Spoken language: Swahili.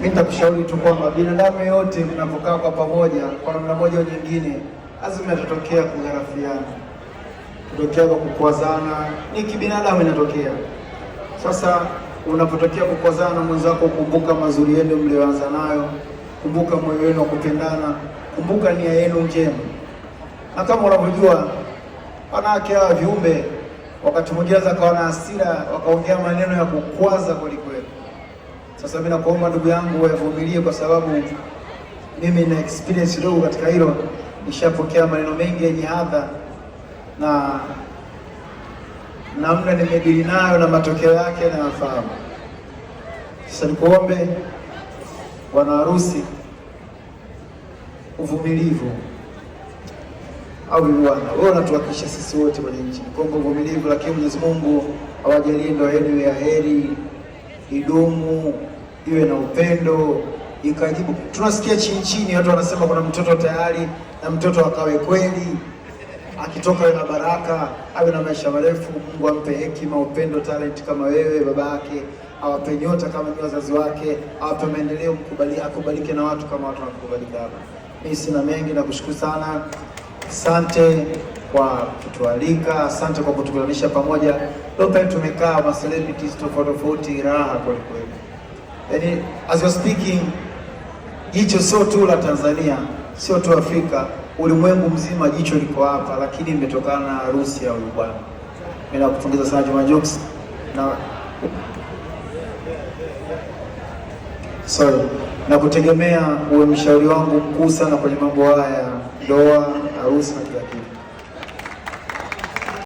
mi nitakushauri tu kwamba binadamu yote mnapokaa kwa pamoja, kwa namna moja au nyingine, lazima yatatokea kugharafiana, kutokea kwa kukwazana, ni kibinadamu inatokea. Sasa unapotokea kukwazana, mwenzako, kumbuka mazuri yenu mlioanza nayo, kumbuka moyo wenu wa kupendana, kumbuka nia yenu njema. Na kama unavyojua wanawake hawa viumbe, wakati mwingine kawa na hasira, wakaongea maneno ya kukwaza kwelikweli sasa mimi nakuomba ndugu yangu wavumilie, kwa sababu mimi na experience kidogo katika hilo, nishapokea maneno mengi yenye hadha na namna nimedili nayo na matokeo yake nayafahamu. Sasa nikuombe bwana harusi, uvumilivu au bwana wewe unatuhakikisha sisi wote kwenye nchi, nikuombe uvumilivu, lakini Mwenyezi Mungu awajalie ndoa yenu ya heri idumu, iwe na upendo, ikajibu. Tunasikia chini chini watu wanasema kuna mtoto tayari, na mtoto akawe kweli, akitoka awe na baraka, awe na maisha marefu, Mungu ampe hekima, upendo, talent kama wewe baba yake, awape nyota kama ni wazazi wake, awape maendeleo, mkubali, akubalike na watu kama watu wanakubalika. Mimi sina mengi, nakushukuru sana, asante kwa kutualika. Asante kwa kutukutanisha pamoja. pia tumekaa ma celebrities tofauti tofauti, raha kweli kweli. Yani, as we speaking, jicho sio tu la Tanzania, sio tu Afrika, ulimwengu mzima jicho liko hapa, lakini imetokana na harusi ya huyu bwana. Mimi nakupongeza sana Juma Jokes na sorry na kutegemea uwe mshauri wangu mkuu sana kwenye mambo haya ya ndoa, harusi na kila kitu.